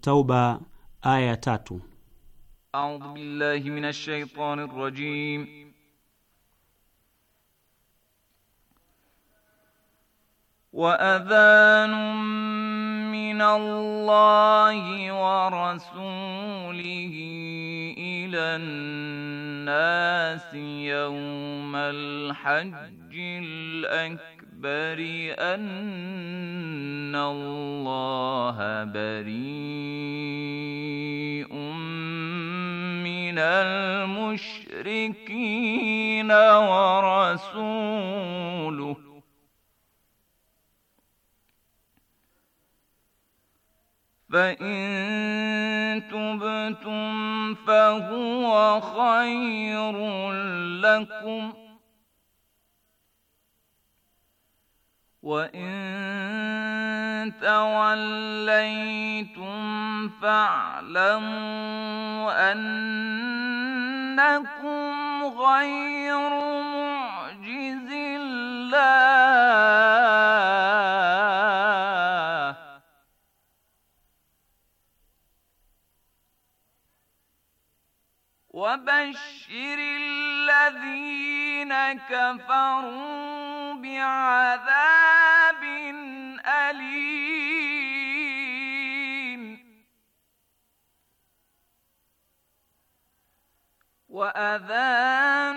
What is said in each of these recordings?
Tauba aya ya tatu. A'udhu billahi minash shaitani rrajim. وأذان من الله ورسوله إلى الناس يوم الحج الأكبر أن ورسوله فإن تبتم فهو خير لكم وإن توليتم فاعلموا أنكم غير معجز الله وبشر الذين كفروا بعذاب وأذان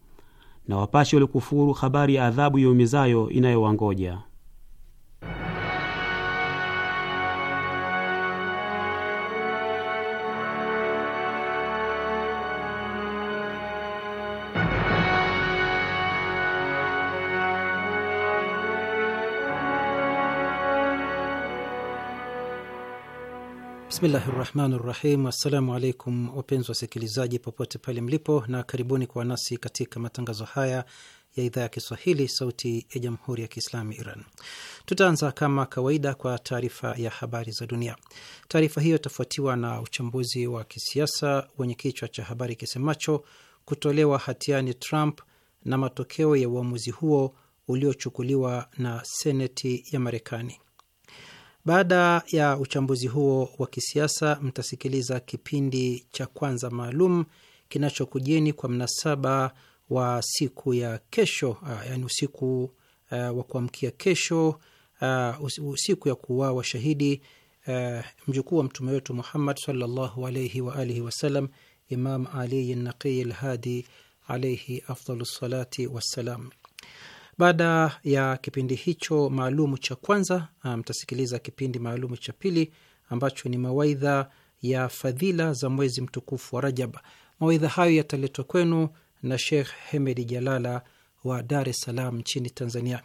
na wapashe walikufuru habari ya adhabu yaumizayo inayowangoja. Bismillahi rahmani rahim. Assalamu alaikum wapenzi wasikilizaji popote pale mlipo, na karibuni kwa nasi katika matangazo haya ya idhaa ya Kiswahili sauti ya jamhuri ya kiislamu Iran. Tutaanza kama kawaida kwa taarifa ya habari za dunia. Taarifa hiyo itafuatiwa na uchambuzi wa kisiasa wenye kichwa cha habari kisemacho kutolewa hatiani Trump na matokeo ya uamuzi huo uliochukuliwa na seneti ya Marekani. Baada ya uchambuzi huo wa kisiasa, mtasikiliza kipindi cha kwanza maalum kinachokujeni kwa mnasaba wa siku ya kesho, yaani usiku uh, wa kuamkia kesho, uh, usiku ya kuuawa shahidi uh, mjukuu wa mtume wetu Muhammad sallallahu alaihi wa alihi wasallam, Imam Ali Naqiyi Lhadi alaihi afdalu salati wassalam. Baada ya kipindi hicho maalum cha kwanza, um, mtasikiliza kipindi maalumu cha pili ambacho ni mawaidha ya fadhila za mwezi mtukufu wa Rajab. Mawaidha hayo yataletwa kwenu na Sheikh Hemedi Jalala wa Dar es Salaam nchini Tanzania.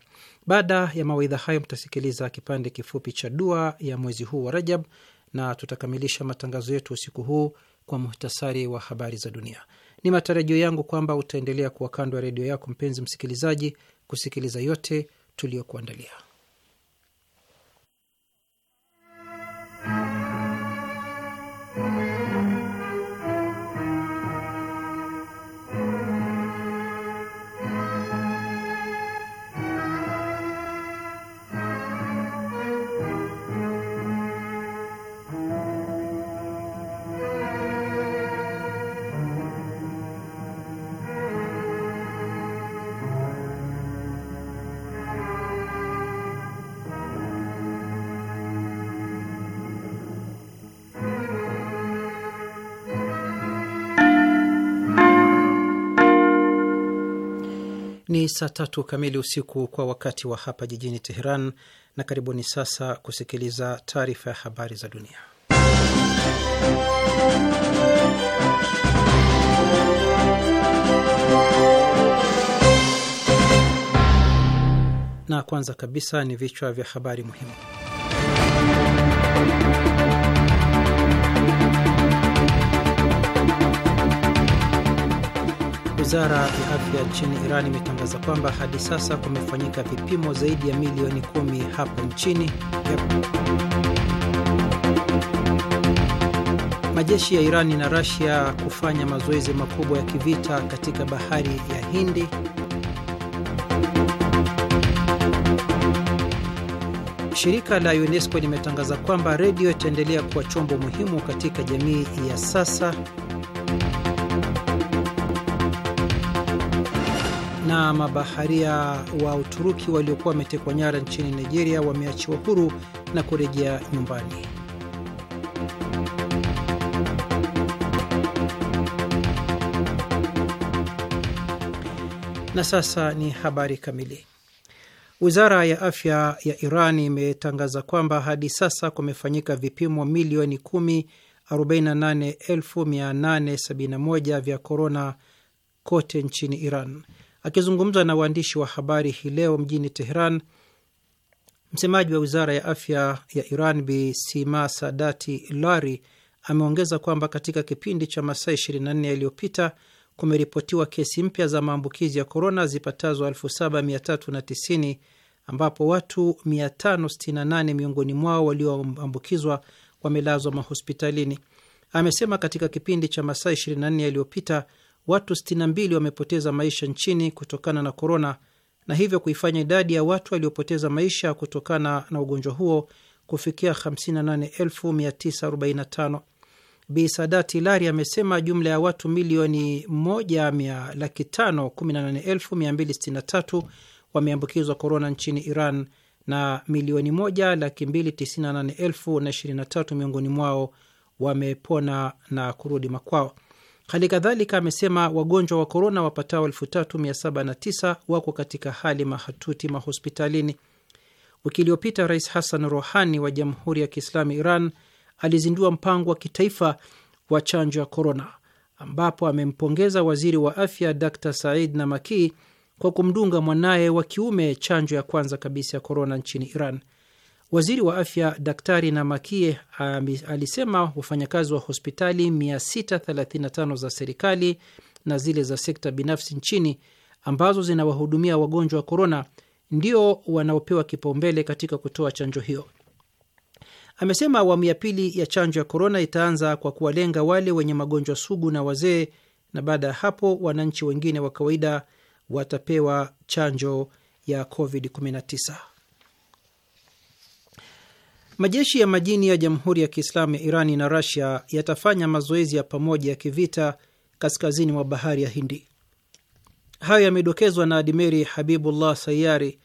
Baada ya mawaidha hayo, mtasikiliza kipande kifupi cha dua ya mwezi huu wa Rajab na tutakamilisha matangazo yetu usiku huu kwa muhtasari wa habari za dunia. Ni matarajio yangu kwamba utaendelea kuwa kando ya redio yako mpenzi msikilizaji, kusikiliza yote tuliyokuandalia. saa tatu kamili usiku kwa wakati wa hapa jijini Teheran, na karibuni sasa kusikiliza taarifa ya habari za dunia. Na kwanza kabisa ni vichwa vya habari muhimu. Wizara ya afya nchini Iran imetangaza kwamba hadi sasa kumefanyika vipimo zaidi ya milioni kumi hapa nchini. Majeshi ya Irani na Rasia kufanya mazoezi makubwa ya kivita katika bahari ya Hindi. Shirika la UNESCO limetangaza kwamba redio itaendelea kuwa chombo muhimu katika jamii ya sasa. na mabaharia wa Uturuki waliokuwa wametekwa nyara nchini Nigeria wameachiwa huru na kurejea nyumbani. Na sasa ni habari kamili. Wizara ya afya ya Iran imetangaza kwamba hadi sasa kumefanyika vipimo milioni 148871 vya korona kote nchini Iran. Akizungumza na waandishi wa habari hii leo mjini Teheran, msemaji wa wizara ya afya ya Iran Bi Sima Sadati Lari ameongeza kwamba katika kipindi cha masaa 24 yaliyopita kumeripotiwa kesi mpya za maambukizi ya korona zipatazo 7390 ambapo watu 568 miongoni mwao walioambukizwa wamelazwa mahospitalini. Amesema katika kipindi cha masaa 24 yaliyopita watu 62 wamepoteza maisha nchini kutokana na korona na hivyo kuifanya idadi ya watu waliopoteza maisha kutokana na ugonjwa huo kufikia 58945. Bi sadat ilari amesema jumla ya watu milioni 1,518,263 wameambukizwa korona nchini Iran na milioni 1,298,023 miongoni mwao wamepona na kurudi makwao. Hali kadhalika amesema wagonjwa wa korona wapatao 3709 wako katika hali mahatuti mahospitalini. Wiki iliyopita Rais Hassan Rohani wa Jamhuri ya Kiislamu Iran alizindua mpango wa kitaifa wa chanjo ya korona, ambapo amempongeza waziri wa afya Dr Said Namaki kwa kumdunga mwanaye wa kiume chanjo ya kwanza kabisa ya korona nchini Iran. Waziri wa afya Daktari Namakie alisema wafanyakazi wa hospitali 635 za serikali na zile za sekta binafsi nchini ambazo zinawahudumia wagonjwa wa korona ndio wanaopewa kipaumbele katika kutoa chanjo hiyo. Amesema awamu ya pili ya chanjo ya korona itaanza kwa kuwalenga wale wenye magonjwa sugu na wazee, na baada ya hapo wananchi wengine wa kawaida watapewa chanjo ya COVID-19. Majeshi ya majini ya Jamhuri ya Kiislamu ya Irani na Rasia yatafanya mazoezi ya pamoja ya kivita kaskazini mwa bahari ya Hindi. Hayo yamedokezwa na admeri Habibullah Sayari,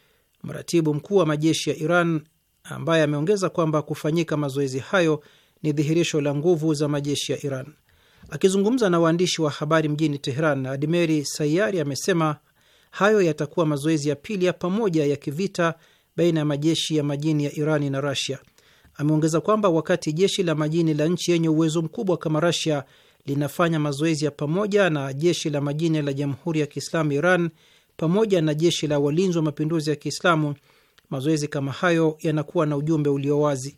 mratibu mkuu wa majeshi ya Iran, ambaye ameongeza kwamba kufanyika mazoezi hayo ni dhihirisho la nguvu za majeshi ya Iran. Akizungumza na waandishi wa habari mjini Teheran, admeri Sayari amesema hayo yatakuwa mazoezi ya pili ya pamoja ya kivita baina ya majeshi ya majini ya Irani na Rasia Ameongeza kwamba wakati jeshi la majini la nchi yenye uwezo mkubwa kama Rasia linafanya mazoezi ya pamoja na jeshi la majini la Jamhuri ya Kiislamu Iran pamoja na jeshi la walinzi wa mapinduzi ya Kiislamu, mazoezi kama hayo yanakuwa na ujumbe ulio wazi.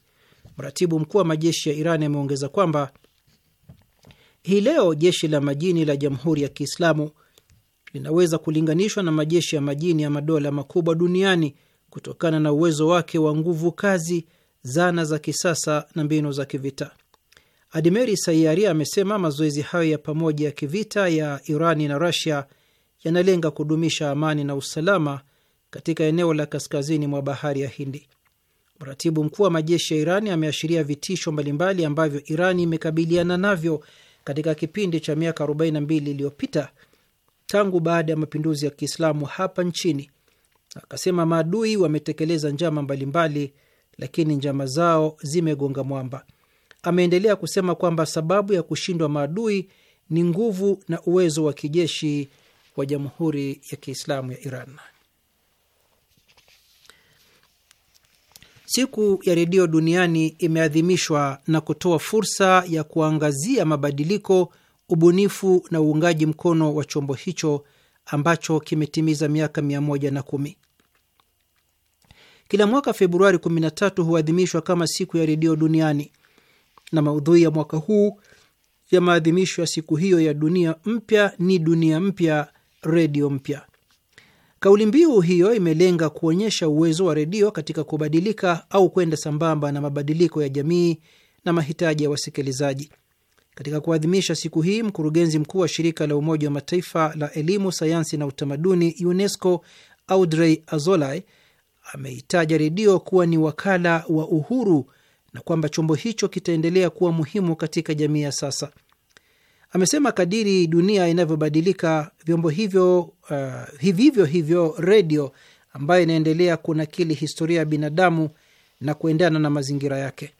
Mratibu mkuu wa majeshi ya Iran ameongeza kwamba hii leo jeshi la majini la Jamhuri ya Kiislamu linaweza kulinganishwa na majeshi ya majini ya madola makubwa duniani kutokana na uwezo wake wa nguvu kazi zana za kisasa na mbinu za kivita. admeri sayari amesema mazoezi hayo ya pamoja ya kivita ya Irani na Rasia yanalenga kudumisha amani na usalama katika eneo la kaskazini mwa bahari ya Hindi. Mratibu mkuu wa majeshi ya Irani ameashiria vitisho mbalimbali ambavyo Irani imekabiliana navyo katika kipindi cha miaka 42 iliyopita tangu baada ya mapinduzi ya Kiislamu hapa nchini. Akasema maadui wametekeleza njama mbalimbali lakini njama zao zimegonga mwamba. Ameendelea kusema kwamba sababu ya kushindwa maadui ni nguvu na uwezo wa kijeshi wa Jamhuri ya Kiislamu ya Iran. Siku ya Redio Duniani imeadhimishwa na kutoa fursa ya kuangazia mabadiliko, ubunifu na uungaji mkono wa chombo hicho ambacho kimetimiza miaka mia moja na kumi. Kila mwaka Februari 13 huadhimishwa kama siku ya redio duniani, na maudhui ya mwaka huu ya maadhimisho ya siku hiyo ya dunia mpya ni dunia mpya, redio mpya. Kauli mbiu hiyo imelenga kuonyesha uwezo wa redio katika kubadilika au kwenda sambamba na mabadiliko ya jamii na mahitaji ya wasikilizaji. Katika kuadhimisha siku hii, mkurugenzi mkuu wa shirika la Umoja wa Mataifa la elimu, sayansi na utamaduni UNESCO, Audrey Azoulay ameitaja redio kuwa ni wakala wa uhuru na kwamba chombo hicho kitaendelea kuwa muhimu katika jamii ya sasa. Amesema kadiri dunia inavyobadilika, vyombo hivyo uh, hivivyo hivyo redio ambayo inaendelea kunakili historia ya binadamu na kuendana na mazingira yake.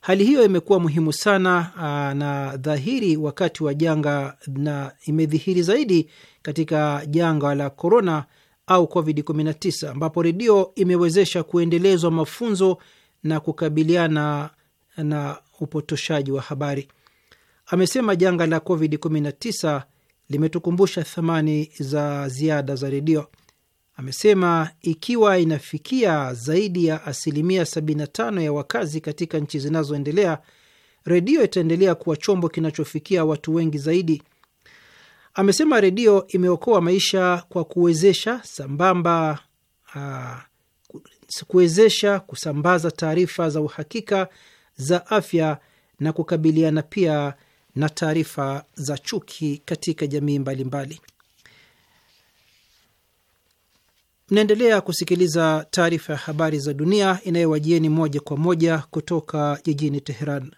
Hali hiyo imekuwa muhimu sana uh, na dhahiri wakati wa janga na imedhihiri zaidi katika janga la korona au COVID-19, ambapo redio imewezesha kuendelezwa mafunzo na kukabiliana na upotoshaji wa habari. Amesema janga la COVID-19 limetukumbusha thamani za ziada za redio. Amesema ikiwa inafikia zaidi ya asilimia 75 ya wakazi katika nchi zinazoendelea, redio itaendelea kuwa chombo kinachofikia watu wengi zaidi Amesema redio imeokoa maisha kwa kuwezesha sambamba aa, ah, kuwezesha kusambaza taarifa za uhakika za afya na kukabiliana pia na taarifa za chuki katika jamii mbalimbali. Mnaendelea kusikiliza taarifa ya habari za dunia inayowajieni moja kwa moja kutoka jijini Teheran.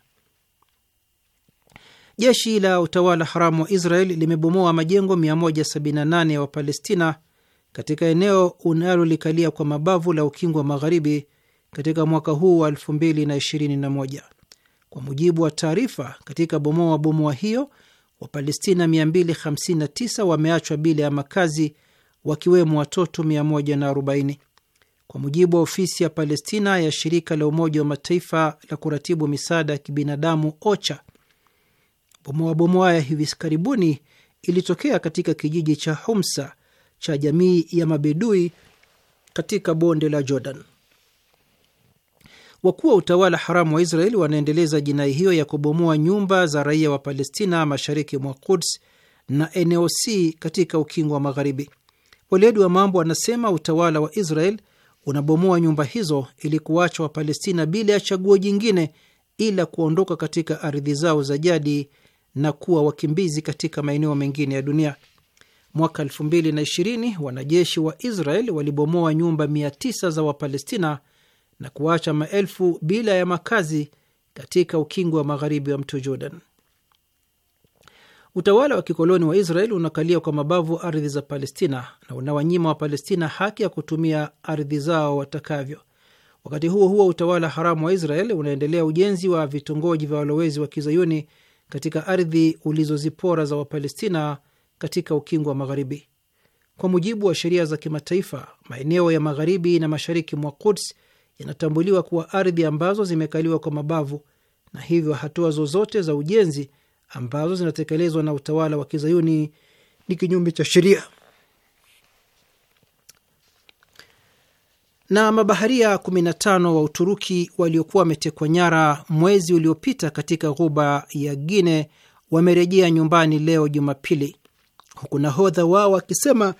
Jeshi la utawala haramu wa Israel limebomoa majengo 178 ya Wapalestina katika eneo unalolikalia kwa mabavu la Ukingo wa Magharibi katika mwaka huu wa 2021 kwa mujibu wa taarifa. Katika bomoa bomoa hiyo Wapalestina 259 wameachwa bila ya makazi wakiwemo watoto 140 kwa mujibu wa ofisi ya Palestina ya shirika la Umoja wa Mataifa la kuratibu misaada ya kibinadamu OCHA bomoa bomoa ya hivi karibuni ilitokea katika kijiji cha Humsa cha jamii ya Mabedui katika bonde la Jordan. Wakuu wa utawala haramu wa Israeli wanaendeleza jinai hiyo ya kubomoa nyumba za raia wa Palestina mashariki mwa Kuds na eneo C katika ukingo wa Magharibi. Weledi wa mambo wanasema utawala wa Israel unabomoa nyumba hizo ili kuwacha Wapalestina bila ya chaguo jingine ila kuondoka katika ardhi zao za jadi na kuwa wakimbizi katika maeneo mengine ya dunia. Mwaka 2020 wanajeshi wa Israel walibomoa nyumba 900 za Wapalestina na kuacha maelfu bila ya makazi katika ukingo wa magharibi wa mto Jordan. Utawala wa kikoloni wa Israel unakalia kwa mabavu ardhi za Palestina na unawanyima Wapalestina haki ya kutumia ardhi zao watakavyo. Wakati huo huo, utawala haramu wa Israel unaendelea ujenzi wa vitongoji vya walowezi wa kizayuni katika ardhi ulizozipora za Wapalestina katika ukingo wa Magharibi. Kwa mujibu wa sheria za kimataifa, maeneo ya magharibi na mashariki mwa Quds yanatambuliwa kuwa ardhi ambazo zimekaliwa kwa mabavu, na hivyo hatua zozote za ujenzi ambazo zinatekelezwa na utawala wa kizayuni ni kinyume cha sheria. na mabaharia 15 wa Uturuki waliokuwa wametekwa nyara mwezi uliopita katika ghuba ya Guine wamerejea nyumbani leo Jumapili, huku nahodha wao wakisema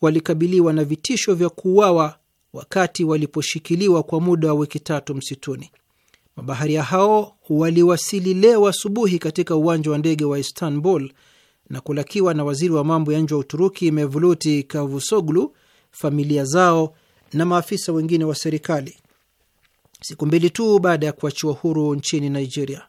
walikabiliwa na vitisho vya kuuawa wakati waliposhikiliwa kwa muda wa wiki tatu msituni. Mabaharia hao waliwasili leo asubuhi katika uwanja wa ndege wa Istanbul na kulakiwa na waziri wa mambo ya nje wa Uturuki mevluti kavusoglu familia zao na maafisa wengine wa serikali. Siku mbili tu baada ya kuachiwa huru nchini Nigeria,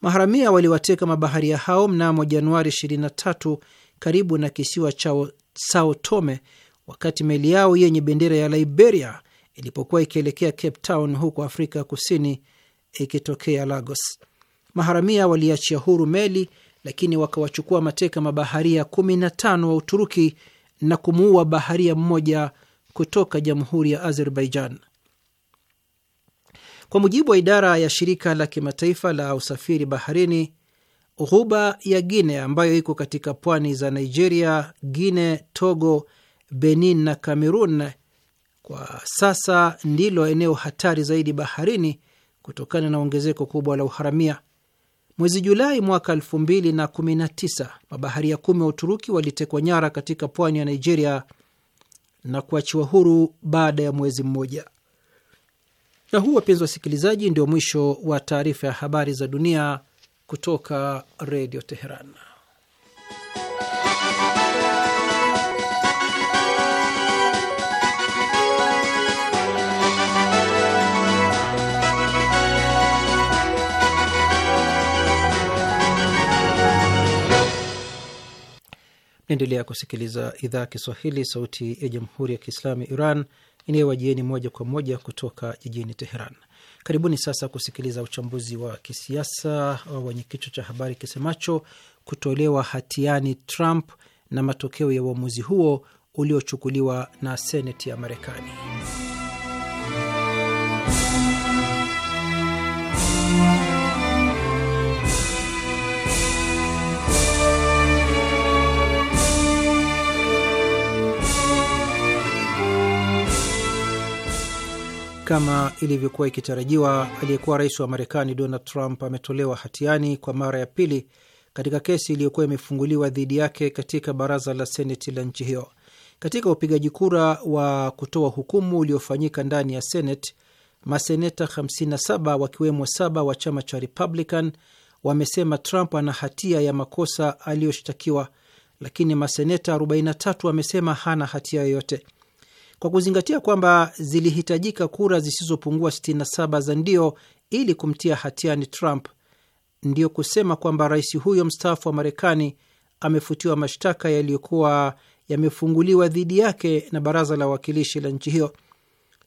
maharamia waliwateka mabaharia hao mnamo Januari 23 karibu na kisiwa cha Sao Tome, wakati meli yao yenye bendera ya Liberia ilipokuwa ikielekea Cape Town huko Afrika Kusini ikitokea Lagos. Maharamia waliachia huru meli lakini wakawachukua mateka mabaharia 15 wa Uturuki na kumuua baharia mmoja kutoka jamhuri ya Azerbaijan. Kwa mujibu wa idara ya shirika la kimataifa la usafiri baharini, ghuba ya Guine ambayo iko katika pwani za Nigeria, Guine, Togo, Benin na Cameroon kwa sasa ndilo eneo hatari zaidi baharini kutokana na ongezeko kubwa la uharamia. Mwezi Julai mwaka 2019 mabaharia kumi wa Uturuki walitekwa nyara katika pwani ya Nigeria na kuachiwa huru baada ya mwezi mmoja. Na huu, wapenzi wasikilizaji, ndio mwisho wa taarifa ya habari za dunia kutoka Redio Teheran. Naendelea kusikiliza idhaa Kiswahili, sauti ya jamhuri ya kiislamu ya Iran inayowajieni moja kwa moja kutoka jijini Teheran. Karibuni sasa kusikiliza uchambuzi wa kisiasa wenye kichwa cha habari kisemacho kutolewa hatiani Trump na matokeo ya uamuzi huo uliochukuliwa na seneti ya Marekani. Kama ilivyokuwa ikitarajiwa, aliyekuwa rais wa Marekani Donald Trump ametolewa hatiani kwa mara ya pili katika kesi iliyokuwa imefunguliwa dhidi yake katika baraza la seneti la nchi hiyo. Katika upigaji kura wa kutoa hukumu uliofanyika ndani ya seneti, maseneta 57 wakiwemo saba wa chama cha Republican wamesema Trump ana hatia ya makosa aliyoshtakiwa, lakini maseneta 43 wamesema hana hatia yoyote kwa kuzingatia kwamba zilihitajika kura zisizopungua 67 za ndio ili kumtia hatiani Trump. Ndiyo kusema kwamba rais huyo mstaafu wa Marekani amefutiwa mashtaka yaliyokuwa yamefunguliwa dhidi yake na baraza la wawakilishi la nchi hiyo.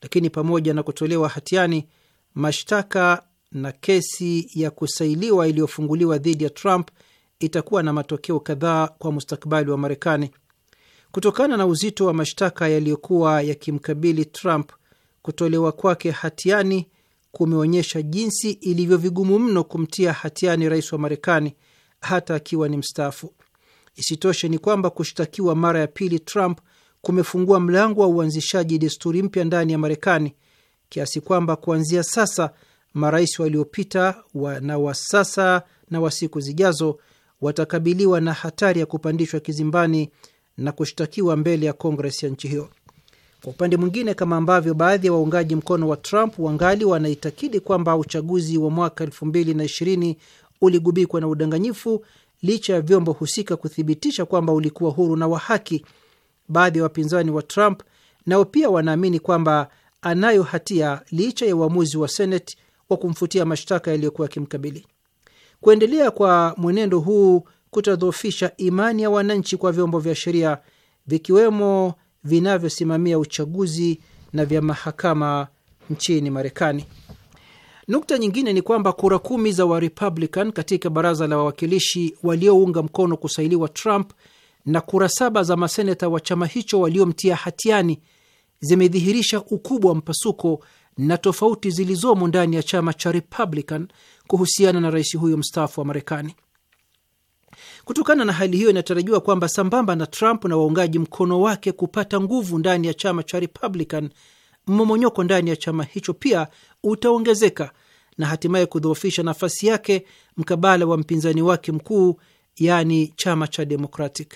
Lakini pamoja na kutolewa hatiani, mashtaka na kesi ya kusailiwa iliyofunguliwa dhidi ya Trump itakuwa na matokeo kadhaa kwa mustakabali wa Marekani. Kutokana na uzito wa mashtaka yaliyokuwa yakimkabili Trump, kutolewa kwake hatiani kumeonyesha jinsi ilivyo vigumu mno kumtia hatiani rais wa Marekani hata akiwa ni mstaafu. Isitoshe ni kwamba kushtakiwa mara ya pili Trump kumefungua mlango wa uanzishaji desturi mpya ndani ya Marekani, kiasi kwamba kuanzia sasa marais waliopita wa, na wa sasa na wa siku zijazo watakabiliwa na hatari ya kupandishwa kizimbani na kushtakiwa mbele ya Kongres ya nchi hiyo. Kwa upande mwingine, kama ambavyo baadhi ya wa waungaji mkono wa Trump wangali wanaitakidi kwamba uchaguzi wa mwaka 2020 uligubikwa na udanganyifu licha ya vyombo husika kuthibitisha kwamba ulikuwa huru na wa haki, baadhi ya wapinzani wa Trump nao pia wanaamini kwamba anayo hatia licha ya uamuzi wa Senate wa kumfutia mashtaka yaliyokuwa yakimkabili. Kuendelea kwa mwenendo huu kutadhoofisha imani ya wananchi kwa vyombo vya sheria vikiwemo vinavyosimamia uchaguzi na vya mahakama nchini Marekani. Nukta nyingine ni kwamba kura kumi za Warepublican katika baraza la wawakilishi waliounga mkono kusailiwa Trump na kura saba za maseneta wa chama hicho waliomtia hatiani zimedhihirisha ukubwa wa mpasuko na tofauti zilizomo ndani ya chama cha Republican kuhusiana na rais huyo mstaafu wa Marekani. Kutokana na hali hiyo, inatarajiwa kwamba sambamba na Trump na waungaji mkono wake kupata nguvu ndani ya chama cha Republican, mmomonyoko ndani ya chama hicho pia utaongezeka na hatimaye kudhoofisha nafasi yake mkabala wa mpinzani wake mkuu, yaani chama cha Democratic.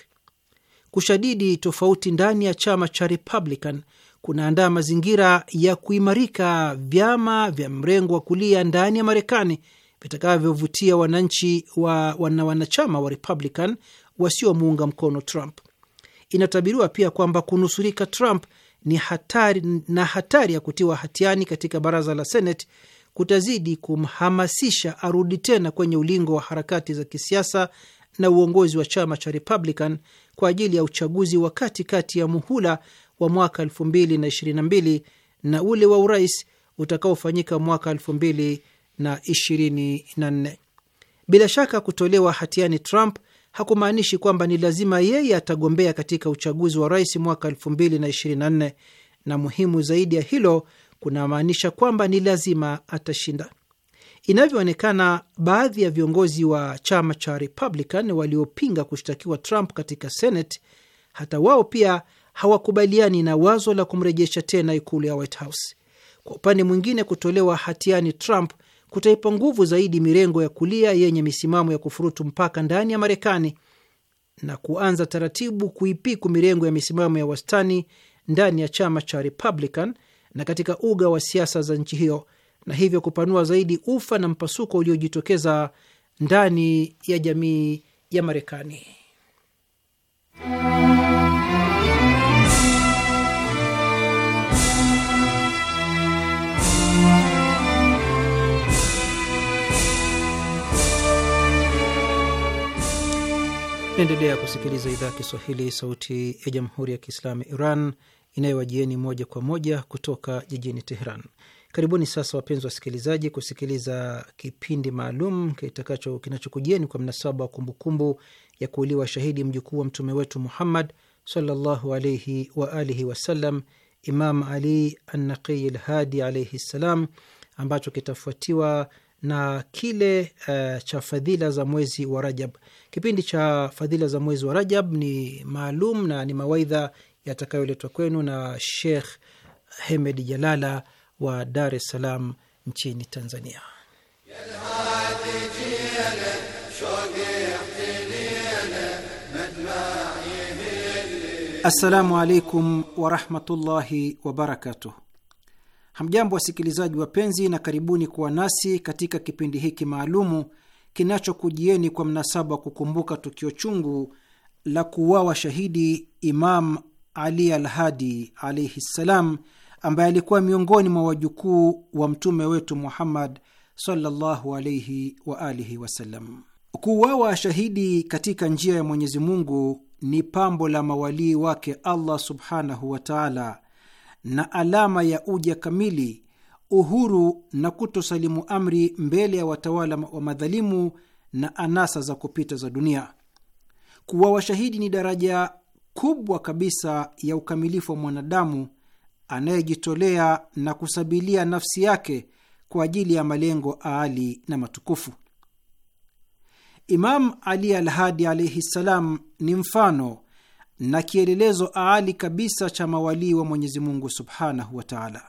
Kushadidi tofauti ndani ya chama cha Republican kunaandaa mazingira ya kuimarika vyama vya mrengo wa kulia ndani ya Marekani vitakavyovutia wananchi wa wana wanachama wa Republican wasiomuunga mkono Trump. Inatabiriwa pia kwamba kunusurika Trump ni hatari na hatari ya kutiwa hatiani katika baraza la Senate kutazidi kumhamasisha arudi tena kwenye ulingo wa harakati za kisiasa na uongozi wa chama cha Republican kwa ajili ya uchaguzi wa katikati ya muhula wa mwaka 2022 na ule wa urais utakaofanyika mwaka 2023 na 24. Bila shaka kutolewa hatiani Trump hakumaanishi kwamba ni lazima yeye atagombea katika uchaguzi wa rais mwaka 2024, na muhimu zaidi ya hilo, kunamaanisha kwamba ni lazima atashinda. Inavyoonekana, baadhi ya viongozi wa chama cha Republican waliopinga kushtakiwa Trump katika Senate, hata wao pia hawakubaliani na wazo la kumrejesha tena ikulu ya White House. Kwa upande mwingine, kutolewa hatiani Trump kutaipa nguvu zaidi mirengo ya kulia yenye misimamo ya kufurutu mpaka ndani ya Marekani na kuanza taratibu kuipiku mirengo ya misimamo ya wastani ndani ya chama cha Republican na katika uga wa siasa za nchi hiyo, na hivyo kupanua zaidi ufa na mpasuko uliojitokeza ndani ya jamii ya Marekani. Naendelea kusikiliza idhaa ya Kiswahili, sauti ya jamhuri ya kiislamu ya Iran inayowajieni moja kwa moja kutoka jijini Teheran. Karibuni sasa wapenzi wasikilizaji, kusikiliza kipindi maalum kitakacho kinachokujieni kwa mnasaba wa kumbukumbu ya kuuliwa shahidi mjukuu wa mtume wetu Muhammad sallallahu alaihi wa alihi wasallam, Imam Ali Annaqiyi Lhadi alaihi ssalam, ambacho kitafuatiwa na kile uh, cha fadhila za mwezi wa Rajab. Kipindi cha fadhila za mwezi wa Rajab ni maalum na ni mawaidha yatakayoletwa kwenu na Sheikh Hemed Jalala wa Dar es Salaam nchini Tanzania. Assalamu alaikum warahmatullahi wabarakatuh. Hamjambo wasikilizaji wapenzi, na karibuni kuwa nasi katika kipindi hiki maalumu kinachokujieni kwa mnasaba wa kukumbuka tukio chungu la kuuawa shahidi Imam Ali Alhadi alaihi ssalam, ambaye alikuwa miongoni mwa wajukuu wa mtume wetu Muhammad sallallahu alaihi wasallam. Kuuawa shahidi katika njia ya Mwenyezi Mungu ni pambo la mawalii wake Allah subhanahu wataala na alama ya uja kamili, uhuru na kutosalimu amri mbele ya watawala wa madhalimu na anasa za kupita za dunia. Kuwa washahidi ni daraja kubwa kabisa ya ukamilifu wa mwanadamu anayejitolea na kusabilia nafsi yake kwa ajili ya malengo aali na matukufu. Imam Ali Alhadi alaihi ssalam ni mfano na kielelezo aali kabisa cha mawalii wa Mwenyezi Mungu subhanahu wa taala.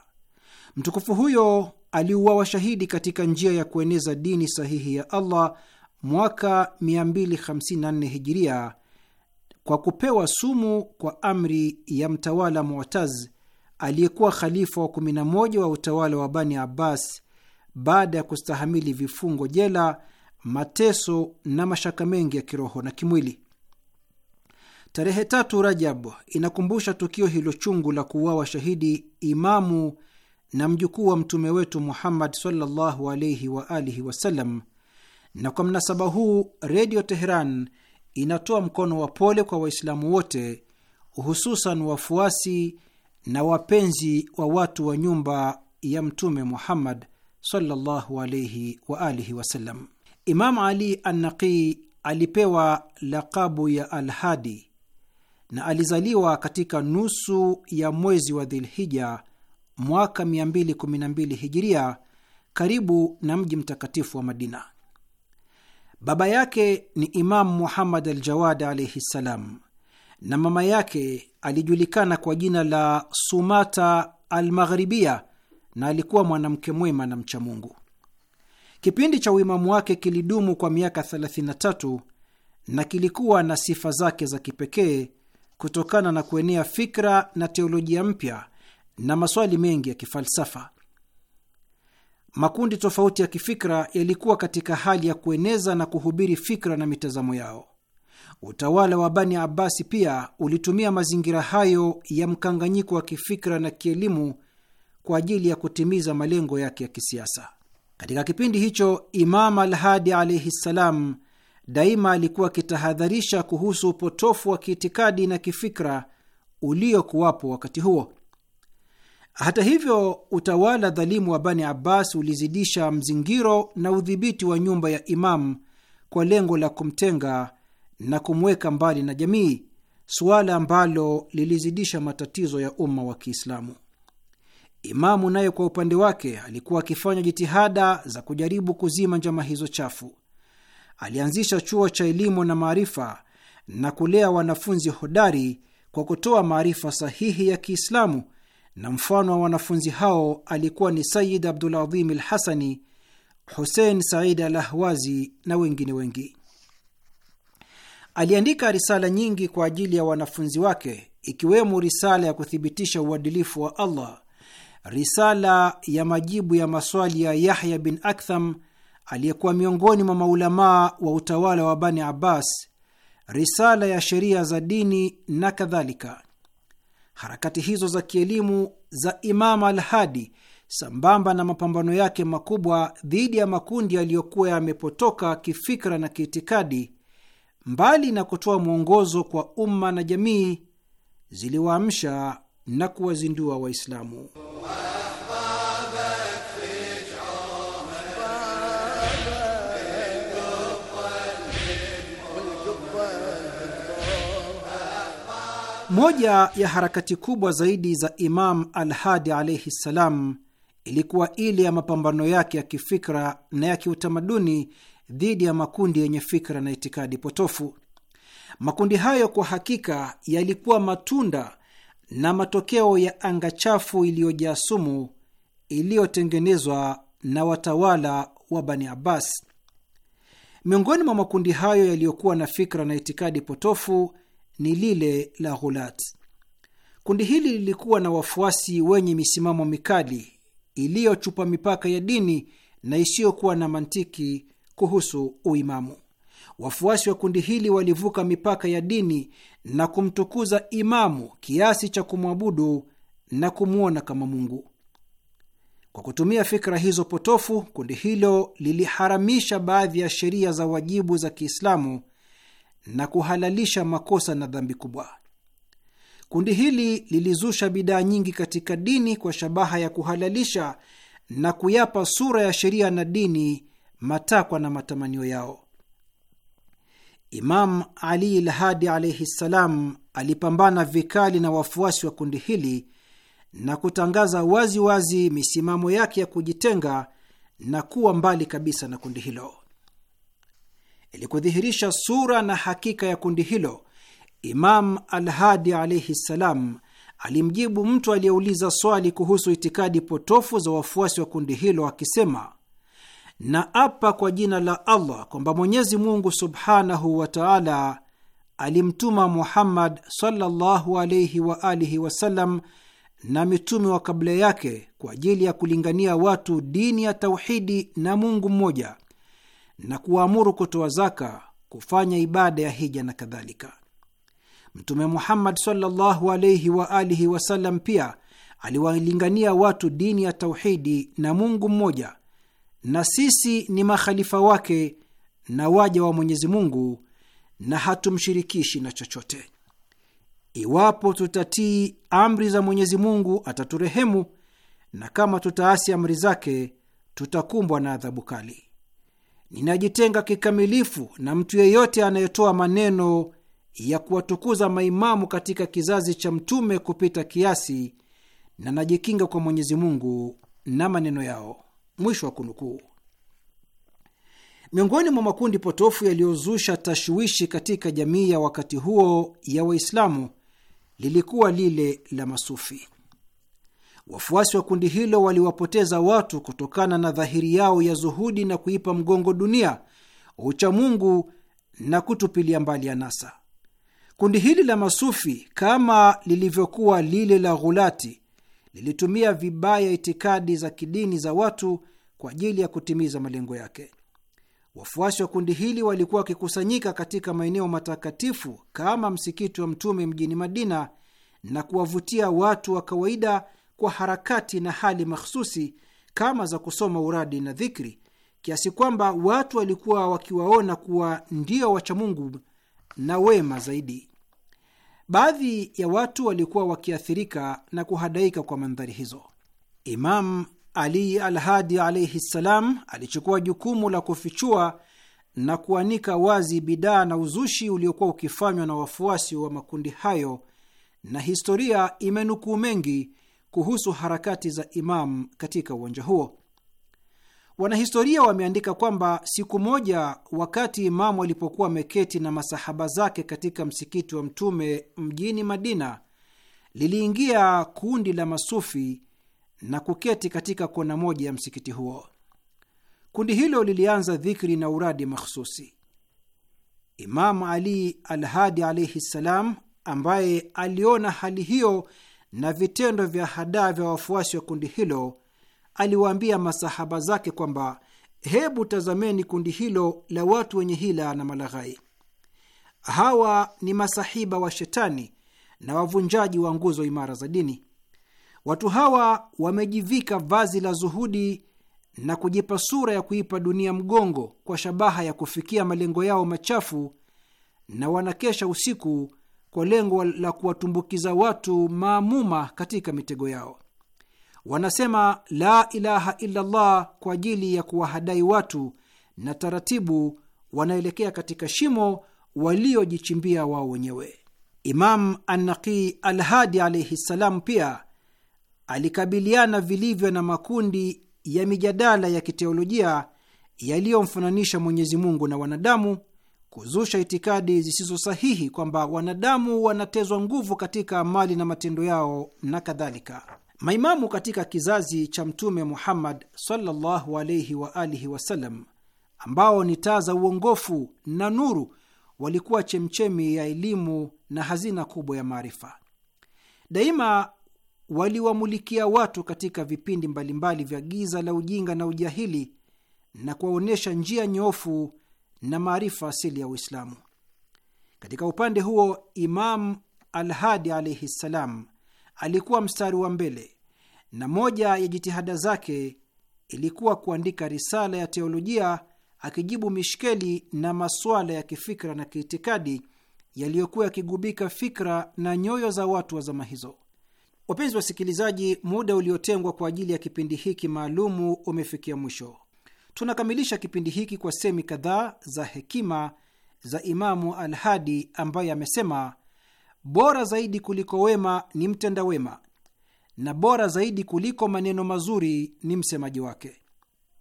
Mtukufu huyo aliuawa shahidi katika njia ya kueneza dini sahihi ya Allah mwaka 254 hijiria kwa kupewa sumu kwa amri ya mtawala Mu'taz aliyekuwa khalifa wa 11 wa utawala wa Bani Abbas baada ya kustahamili vifungo jela, mateso na mashaka mengi ya kiroho na kimwili. Tarehe tatu Rajab inakumbusha tukio hilo chungu la kuuawa shahidi imamu na mjukuu wa mtume wetu Muhammad sallallahu alaihi wa alihi wasallam, na kwa mnasaba huu Redio Teheran inatoa mkono wa pole kwa Waislamu wote hususan wafuasi na wapenzi wa watu wa nyumba ya Mtume Muhammad sallallahu alaihi wa alihi wasallam. Imamu Ali Annaqi alipewa lakabu ya Alhadi, na alizaliwa katika nusu ya mwezi wa Dhilhija mwaka 212 hijiria karibu na mji mtakatifu wa Madina. Baba yake ni Imamu Muhammad al Jawad alaihi ssalam, na mama yake alijulikana kwa jina la Sumata al Maghribia, na alikuwa mwanamke mwema na mchamungu. Kipindi cha uimamu wake kilidumu kwa miaka 33 na kilikuwa na sifa zake za kipekee kutokana na kuenea fikra na teolojia mpya na maswali mengi ya kifalsafa. Makundi tofauti ya kifikra yalikuwa katika hali ya kueneza na kuhubiri fikra na mitazamo yao. Utawala wa Bani Abbasi pia ulitumia mazingira hayo ya mkanganyiko wa kifikra na kielimu kwa ajili ya kutimiza malengo yake ya kisiasa. Katika kipindi hicho, Imam Alhadi alaihi ssalam daima alikuwa akitahadharisha kuhusu upotofu wa kiitikadi na kifikra uliokuwapo wakati huo. Hata hivyo, utawala dhalimu wa Bani Abbas ulizidisha mzingiro na udhibiti wa nyumba ya Imamu kwa lengo la kumtenga na kumweka mbali na jamii, suala ambalo lilizidisha matatizo ya umma wa Kiislamu. Imamu naye kwa upande wake alikuwa akifanya jitihada za kujaribu kuzima njama hizo chafu alianzisha chuo cha elimu na maarifa na kulea wanafunzi hodari kwa kutoa maarifa sahihi ya Kiislamu, na mfano wa wanafunzi hao alikuwa ni Sayid Abdulazim al Hasani, Husein Said al Ahwazi na wengine wengi. Aliandika risala nyingi kwa ajili ya wanafunzi wake, ikiwemo risala ya kuthibitisha uadilifu wa Allah, risala ya majibu ya maswali ya Yahya bin Aktham aliyekuwa miongoni mwa maulamaa wa utawala wa Bani Abbas, risala ya sheria za dini na kadhalika. Harakati hizo za kielimu za Imam Al-Hadi sambamba na mapambano yake makubwa dhidi ya makundi yaliyokuwa yamepotoka kifikra na kiitikadi, mbali na kutoa mwongozo kwa umma na jamii, ziliwaamsha na kuwazindua Waislamu. Moja ya harakati kubwa zaidi za Imam Alhadi alaihi ssalam ilikuwa ile ya mapambano yake ya kifikra na ya kiutamaduni dhidi ya makundi yenye fikra na itikadi potofu. Makundi hayo kwa hakika yalikuwa matunda na matokeo ya anga chafu iliyojaa sumu iliyotengenezwa na watawala wa Bani Abbas. Miongoni mwa makundi hayo yaliyokuwa na fikra na itikadi potofu ni lile la Ghulat. Kundi hili lilikuwa na wafuasi wenye misimamo mikali iliyochupa mipaka ya dini na isiyokuwa na mantiki kuhusu uimamu. Wafuasi wa kundi hili walivuka mipaka ya dini na kumtukuza imamu kiasi cha kumwabudu na kumwona kama Mungu. Kwa kutumia fikra hizo potofu, kundi hilo liliharamisha baadhi ya sheria za wajibu za Kiislamu na kuhalalisha makosa na dhambi kubwa. Kundi hili lilizusha bidaa nyingi katika dini kwa shabaha ya kuhalalisha na kuyapa sura ya sheria na dini matakwa na matamanio yao. Imam Ali Lhadi alaihi ssalam alipambana vikali na wafuasi wa kundi hili na kutangaza waziwazi wazi misimamo yake ya kujitenga na kuwa mbali kabisa na kundi hilo. Ili kudhihirisha sura na hakika ya kundi hilo, Imam Alhadi alaihi ssalam alimjibu mtu aliyeuliza swali kuhusu itikadi potofu za wafuasi wa kundi hilo akisema, na apa kwa jina la Allah kwamba Mwenyezi Mungu subhanahu wa taala alimtuma Muhammad sallallahu alaihi wa alihi wasallam na mitume wa kabla yake kwa ajili ya kulingania watu dini ya tauhidi na Mungu mmoja na kuwaamuru kutoa zaka, kufanya ibada ya hija na kadhalika. Mtume Muhammad sallallahu wa alihi wasallam pia aliwalingania watu dini ya tauhidi na Mungu mmoja, na sisi ni makhalifa wake na waja wa Mwenyezi Mungu na hatumshirikishi na chochote. Iwapo tutatii amri za Mwenyezi Mungu ataturehemu, na kama tutaasi amri zake tutakumbwa na adhabu kali. Ninajitenga kikamilifu na mtu yeyote anayetoa maneno ya kuwatukuza maimamu katika kizazi cha Mtume kupita kiasi, na najikinga kwa Mwenyezi Mungu na maneno yao. Mwisho wa kunukuu. Miongoni mwa makundi potofu yaliyozusha tashwishi katika jamii ya wakati huo ya Waislamu lilikuwa lile la masufi. Wafuasi wa kundi hilo waliwapoteza watu kutokana na dhahiri yao ya zuhudi na kuipa mgongo dunia, uchamungu na kutupilia mbali anasa. Kundi hili la masufi kama lilivyokuwa lile la ghulati lilitumia vibaya itikadi za kidini za watu kwa ajili ya kutimiza malengo yake. Wafuasi wa kundi hili walikuwa wakikusanyika katika maeneo matakatifu kama msikiti wa Mtume mjini Madina na kuwavutia watu wa kawaida kwa harakati na hali mahsusi kama za kusoma uradi na dhikri, kiasi kwamba watu walikuwa wakiwaona kuwa ndio wachamungu na wema zaidi. Baadhi ya watu walikuwa wakiathirika na kuhadaika kwa mandhari hizo. Imam Ali Alhadi alaihi ssalam alichukua jukumu la kufichua na kuanika wazi bidaa na uzushi uliokuwa ukifanywa na wafuasi wa makundi hayo, na historia imenukuu mengi kuhusu harakati za Imam katika uwanja huo. Wanahistoria wameandika kwamba siku moja, wakati Imamu alipokuwa ameketi na masahaba zake katika msikiti wa Mtume mjini Madina, liliingia kundi la masufi na kuketi katika kona moja ya msikiti huo. Kundi hilo lilianza dhikri na uradi makhususi. Imamu Ali Alhadi alaihi ssalam, ambaye aliona hali hiyo na vitendo vya hadaa vya wafuasi wa kundi hilo, aliwaambia masahaba zake kwamba hebu tazameni kundi hilo la watu wenye hila na malaghai. Hawa ni masahiba wa shetani na wavunjaji wa nguzo imara za dini. Watu hawa wamejivika vazi la zuhudi na kujipa sura ya kuipa dunia mgongo kwa shabaha ya kufikia malengo yao machafu, na wanakesha usiku kwa lengo la kuwatumbukiza watu maamuma katika mitego yao. Wanasema la ilaha illallah kwa ajili ya kuwahadai watu, na taratibu wanaelekea katika shimo waliojichimbia wao wenyewe. Imam Annaqi Alhadi alaihi ssalam pia alikabiliana vilivyo na makundi ya mijadala ya kiteolojia yaliyomfananisha Mwenyezi Mungu na wanadamu kuzusha itikadi zisizo sahihi kwamba wanadamu wanatezwa nguvu katika mali na matendo yao na kadhalika. Maimamu katika kizazi cha Mtume Muhammad sallallahu alayhi wa alihi wasallam, ambao ni taa za uongofu na nuru, walikuwa chemchemi ya elimu na hazina kubwa ya maarifa. Daima waliwamulikia watu katika vipindi mbalimbali vya giza la ujinga na ujahili na kuwaonyesha njia nyoofu na maarifa asili ya Uislamu. Katika upande huo, Imam Alhadi alaihi ssalam alikuwa mstari wa mbele na moja ya jitihada zake ilikuwa kuandika risala ya teolojia akijibu mishkeli na masuala ya kifikra na kiitikadi yaliyokuwa yakigubika fikra na nyoyo za watu wa zama hizo. Wapenzi wasikilizaji, muda uliotengwa kwa ajili ya kipindi hiki maalumu umefikia mwisho. Tunakamilisha kipindi hiki kwa semi kadhaa za hekima za Imamu Alhadi ambaye amesema, bora zaidi kuliko wema ni mtenda wema na bora zaidi kuliko maneno mazuri ni msemaji wake.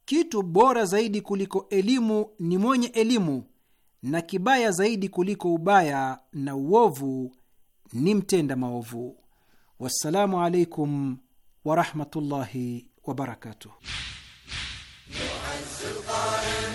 Kitu bora zaidi kuliko elimu ni mwenye elimu, na kibaya zaidi kuliko ubaya na uovu ni mtenda maovu. Wassalamu alaikum warahmatullahi wabarakatuh. يعز قائما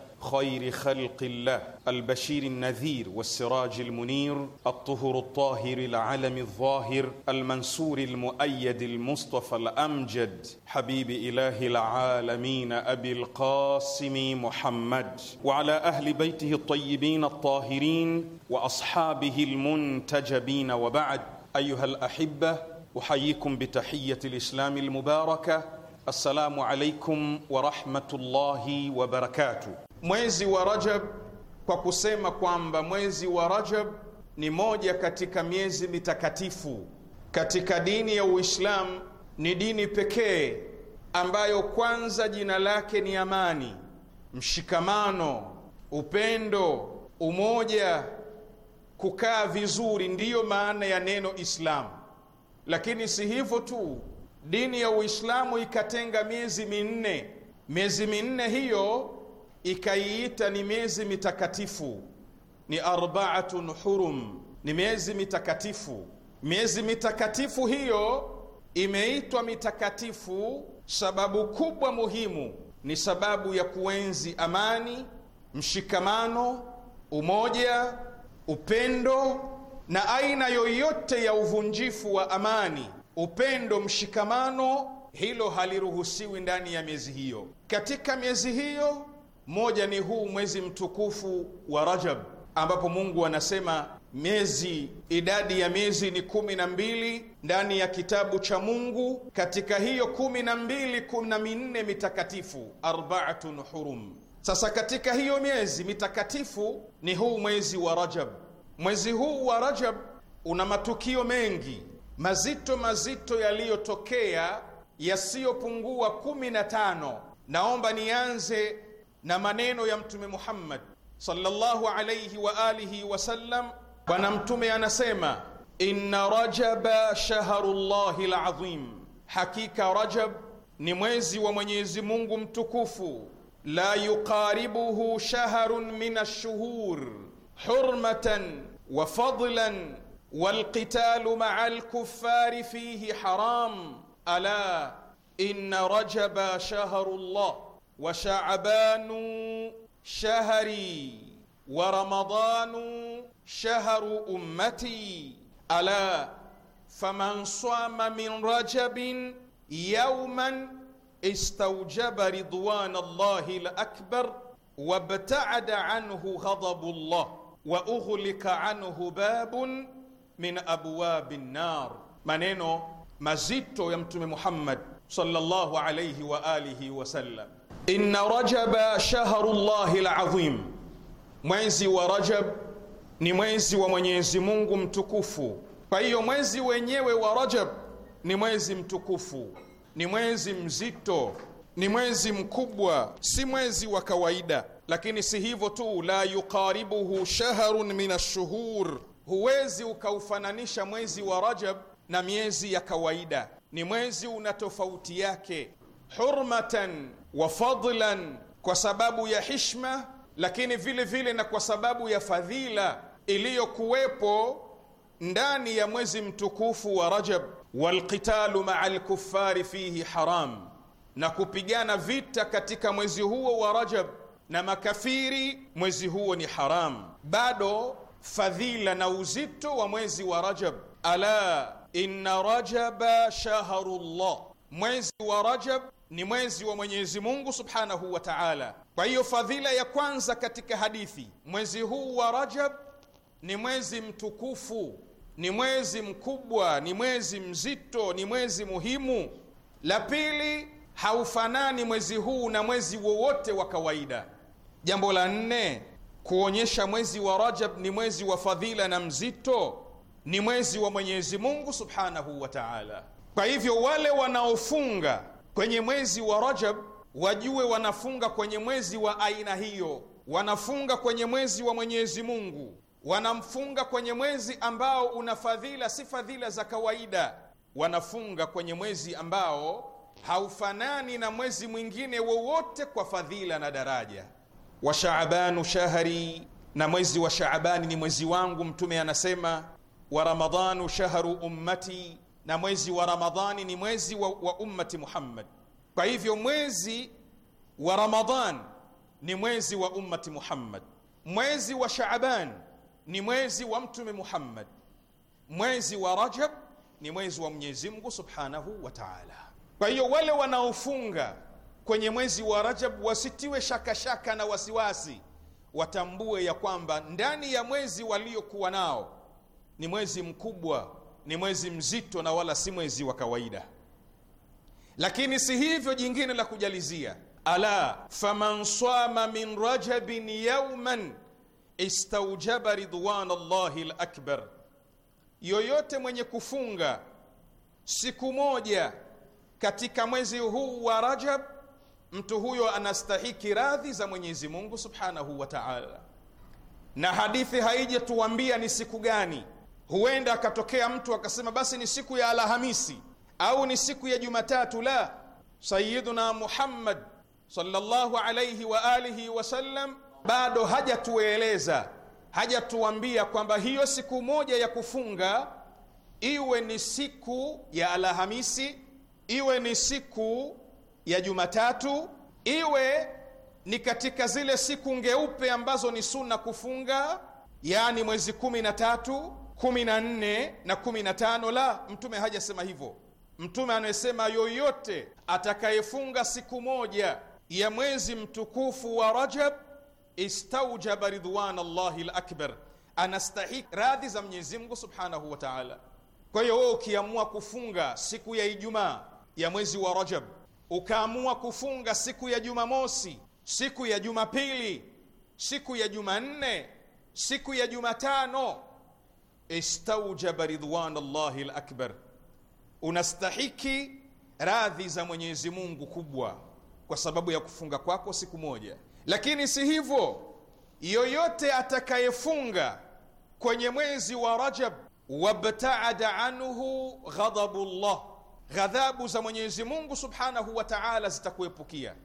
خير خلق الله البشير النذير والسراج المنير الطهر الطاهر العلم الظاهر المنصور المؤيد المصطفى الامجد حبيب اله العالمين ابي القاسم محمد وعلى اهل بيته الطيبين الطاهرين واصحابه المنتجبين وبعد ايها الاحبه احييكم بتحيه الاسلام المباركه السلام عليكم ورحمه الله وبركاته mwezi wa Rajab kwa kusema kwamba mwezi wa Rajab ni moja katika miezi mitakatifu katika dini ya Uislamu. Ni dini pekee ambayo kwanza jina lake ni amani, mshikamano, upendo, umoja, kukaa vizuri, ndiyo maana ya neno Islamu. Lakini si hivyo tu, dini ya Uislamu ikatenga miezi minne, miezi minne hiyo ikaiita ni miezi mitakatifu, ni arbaatun hurum, ni miezi mitakatifu. Miezi mitakatifu hiyo imeitwa mitakatifu, sababu kubwa muhimu ni sababu ya kuenzi amani, mshikamano, umoja, upendo na aina yoyote ya uvunjifu wa amani, upendo, mshikamano, hilo haliruhusiwi ndani ya miezi hiyo. Katika miezi hiyo moja ni huu mwezi mtukufu wa Rajab, ambapo Mungu anasema miezi, idadi ya miezi ni kumi na mbili ndani ya kitabu cha Mungu. Katika hiyo kumi na mbili kuna minne mitakatifu, arbaatun hurum. Sasa katika hiyo miezi mitakatifu ni huu mwezi wa Rajab. Mwezi huu wa Rajab una matukio mengi mazito mazito yaliyotokea yasiyopungua kumi na tano. Naomba nianze na maneno ya Mtume Muhammad sallallahu alayhi wa alihi wasallam. Bwana Mtume anasema inna rajaba shahrullahi alazim, hakika Rajab ni mwezi wa Mwenyezi Mungu mtukufu, la yuqaribuhu shahrun min ash-shuhur hurmatan wa fadlan walqitalu maa alkuffari fihi haram ala inna rajaba shahrullah وشعبان شهري ورمضان شهر أمتي ألا فمن صام من رجب يوما استوجب رضوان الله الأكبر وابتعد عنه غضب الله وأغلق عنه باب من أبواب النار منينو mazito ya يمتم محمد صلى الله عليه وآله وسلم inna rajaba shahru llahi alazim, mwezi wa Rajab ni mwezi wa Mwenyezi Mungu mtukufu. Kwa hiyo mwezi wenyewe wa Rajab ni mwezi mtukufu, ni mwezi mzito, ni mwezi mkubwa, si mwezi wa kawaida. Lakini si hivyo tu, la yuqaribuhu shahrun min ashuhur, huwezi ukaufananisha mwezi wa Rajab na miezi ya kawaida. Ni mwezi una tofauti yake hurmatan wa fadlan, kwa sababu ya hishma, lakini vile vile na kwa sababu ya fadhila iliyokuwepo ndani ya mwezi mtukufu wa Rajab. Walqitalu maa lkuffari fihi haram, na kupigana vita katika mwezi huo wa Rajab na makafiri mwezi huo ni haram. Bado fadhila na uzito wa mwezi wa Rajab, ala inna rajaba shahrullah Mwezi wa Rajab ni mwezi wa Mwenyezi Mungu Subhanahu wa Ta'ala. Kwa hiyo fadhila ya kwanza katika hadithi, mwezi huu wa Rajab ni mwezi mtukufu, ni mwezi mkubwa, ni mwezi mzito, ni mwezi muhimu. La pili, haufanani mwezi huu na mwezi wowote wa kawaida. Jambo la nne, kuonyesha mwezi wa Rajab ni mwezi wa fadhila na mzito, ni mwezi wa Mwenyezi Mungu Subhanahu wa Ta'ala. Kwa hivyo wale wanaofunga kwenye mwezi wa Rajab wajue wanafunga kwenye mwezi wa aina hiyo, wanafunga kwenye mwezi wa Mwenyezi Mungu, wanamfunga kwenye mwezi ambao una fadhila, si fadhila za kawaida. Wanafunga kwenye mwezi ambao haufanani na mwezi mwingine wowote kwa fadhila na daraja. Wa shaabanu shahri, na mwezi wa Shaabani ni mwezi wangu. Mtume anasema wa ramadanu shahru ummati na mwezi wa Ramadhani ni mwezi wa, wa ummati Muhammad. Kwa hivyo mwezi wa Ramadhan ni mwezi wa ummati Muhammad, mwezi wa Shaaban ni mwezi wa Mtume Muhammad, mwezi wa Rajab ni mwezi wa Mwenyezi Mungu Subhanahu wa Ta'ala. Kwa hiyo wale wanaofunga kwenye mwezi wa Rajab wasitiwe shaka shaka na wasiwasi, watambue ya kwamba ndani ya mwezi waliokuwa nao ni mwezi mkubwa ni mwezi mzito na wala si mwezi wa kawaida. Lakini si hivyo, jingine la kujalizia, ala faman sama min rajabin yawman istaujaba ridwan llahi lakbar, yoyote mwenye kufunga siku moja katika mwezi huu wa Rajab, mtu huyo anastahiki radhi za Mwenyezi Mungu subhanahu wa taala. Na hadithi haijatuambia ni siku gani Huenda akatokea mtu akasema basi ni siku ya Alhamisi au ni siku ya Jumatatu. La, Sayyiduna Muhammad sallallahu alayhi wa alihi sallam bado hajatueleza, hajatuambia kwamba hiyo siku moja ya kufunga iwe ni siku ya Alhamisi, iwe ni siku ya Jumatatu, iwe ni katika zile siku ngeupe ambazo ni sunna kufunga, yani mwezi kumi na tatu kumi na nne na kumi na tano la Mtume hajasema hivyo. Mtume anayesema yoyote atakayefunga siku moja ya mwezi mtukufu wa Rajab istaujaba ridwana llahi lakbar, anastahiki radhi za Mwenyezi Mungu subhanahu wa taala. Kwa hiyo wewe ukiamua kufunga siku ya Ijumaa ya mwezi wa Rajab, ukaamua kufunga siku ya Jumamosi, siku ya Jumapili, siku ya Jumanne, siku ya Jumatano istaujaba ridwan llahi lakbar, unastahiki radhi za Mwenyezi Mungu kubwa kwa sababu ya kufunga kwako siku moja. Lakini si hivyo, yoyote atakayefunga kwenye mwezi wa Rajab wabtaada anhu ghadabu llah, ghadhabu za Mwenyezi Mungu subhanahu wa taala zitakuepukia.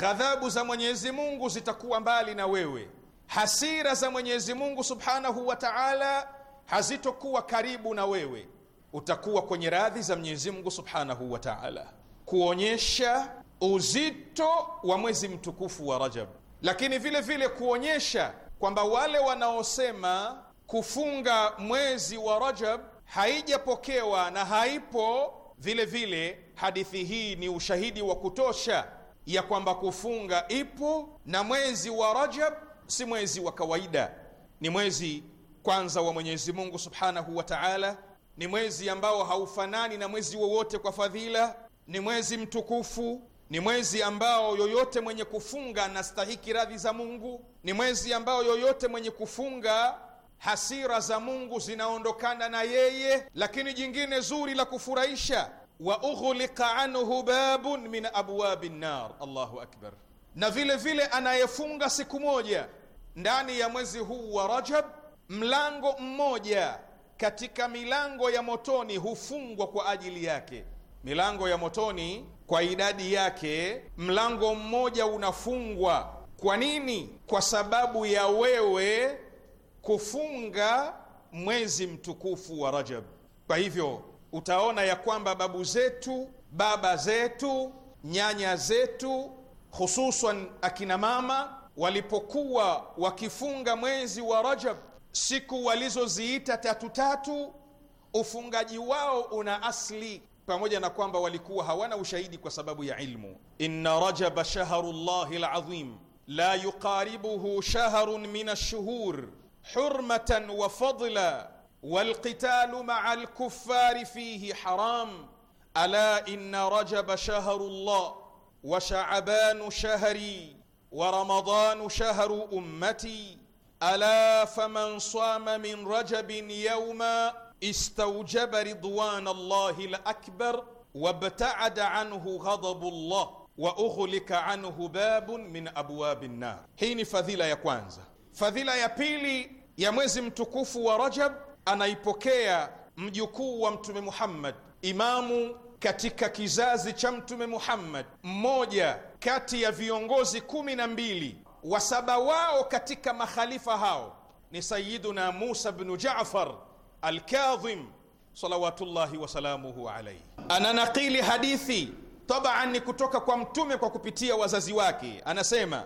Ghadhabu za Mwenyezi Mungu zitakuwa mbali na wewe. Hasira za Mwenyezi Mungu subhanahu wa taala hazitokuwa karibu na wewe, utakuwa kwenye radhi za Mwenyezi Mungu Subhanahu wa Ta'ala, kuonyesha uzito wa mwezi mtukufu wa Rajab, lakini vile vile kuonyesha kwamba wale wanaosema kufunga mwezi wa Rajab haijapokewa na haipo, vile vile hadithi hii ni ushahidi wa kutosha ya kwamba kufunga ipo, na mwezi wa Rajab si mwezi wa kawaida, ni mwezi kwanza wa Mwenyezi Mungu Subhanahu wa Ta'ala. Ni mwezi ambao haufanani na mwezi wowote kwa fadhila, ni mwezi mtukufu, ni mwezi ambao yoyote mwenye kufunga anastahiki radhi za Mungu, ni mwezi ambao yoyote mwenye kufunga hasira za Mungu zinaondokana na yeye. Lakini jingine zuri la kufurahisha, wa ughliqa anhu babun min abwabi nar, Allahu akbar! Na vile vile anayefunga siku moja ndani ya mwezi huu wa Rajab mlango mmoja katika milango ya motoni hufungwa kwa ajili yake. Milango ya motoni kwa idadi yake, mlango mmoja unafungwa. Kwa nini? Kwa sababu ya wewe kufunga mwezi mtukufu wa Rajab. Kwa hivyo utaona ya kwamba babu zetu, baba zetu, nyanya zetu, hususan akina mama, walipokuwa wakifunga mwezi wa Rajab siku walizoziita tatu tatu, ufungaji wao una asli, pamoja na kwamba walikuwa hawana ushahidi kwa sababu ya ilmu. Inna rajaba shahru llahi alazim la yuqaribuhu shahrun min alshuhur hurmatan wa fadla walqitalu maa alkuffari fihi haram ala inna rajaba shahru llah wa shaabanu shahri wa ramadanu shahru ummati ala faman sama min rajabin yawma istaujaba ridwana llahi lakbar wabtaada anhu ghadabu llah wa ughlika anhu babun min abwabi nnar. Hii ni fadhila ya kwanza. Fadhila ya pili ya mwezi mtukufu wa Rajab anaipokea mjukuu wa Mtume Muhammad, imamu katika kizazi cha Mtume Muhammad, mmoja kati ya viongozi kumi na mbili wasaba wao katika makhalifa hao ni Sayyiduna Musa bnu Jafar Alkadhim salawatullahi wasalamuhu alaihi, ananakili hadithi taban ni kutoka kwa Mtume kwa kupitia wazazi wake, anasema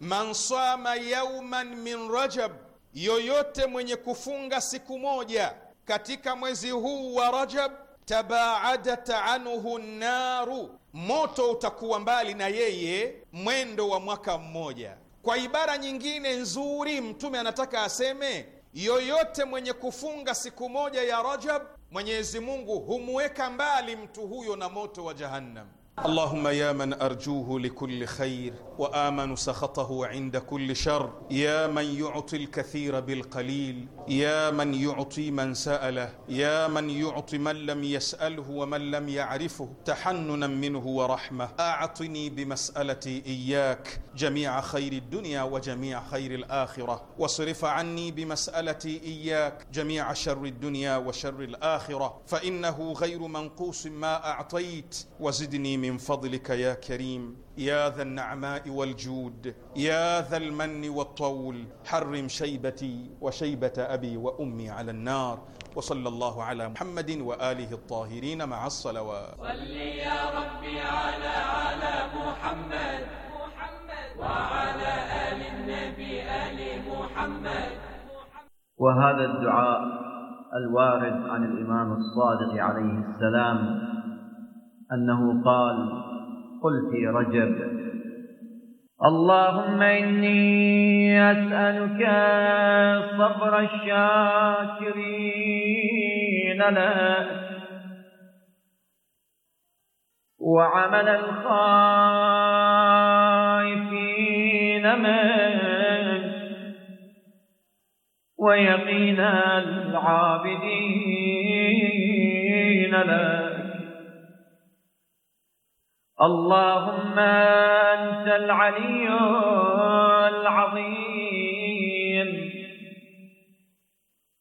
man sama yauman min Rajab, yoyote mwenye kufunga siku moja katika mwezi huu wa Rajab, tabaadat anhu naru, moto utakuwa mbali na yeye mwendo wa mwaka mmoja. Kwa ibara nyingine nzuri, Mtume anataka aseme yoyote mwenye kufunga siku moja ya Rajab, Mwenyezi Mungu humweka mbali mtu huyo na moto wa Jahannam. Allahumma ya man arjuhu likulli khair وامن سخطه عند كل شر يا من يعطي الكثير بالقليل يا من يعطي من ساله يا من يعطي من لم يساله ومن لم يعرفه تحننا منه ورحمه اعطني بمسالتي اياك جميع خير الدنيا وجميع خير الاخره واصرف عني بمسالتي اياك جميع شر الدنيا وشر الاخره فانه غير منقوص ما اعطيت وزدني من فضلك يا كريم يا ذا النعماء والجود يا ذا المن والطول حرم شيبتي وشيبة أبي وأمي على النار وصلى الله على محمد وآله الطاهرين مع الصلوات صل يا ربي على على محمد وعلى آل النبي آل محمد وهذا الدعاء الوارد عن الإمام الصادق عليه السلام أنه قال قل في رجب اللهم إني أسألك صبر الشاكرين لك وعمل الخائفين منك ويقين العابدين لك اللهم أنت العلي العظيم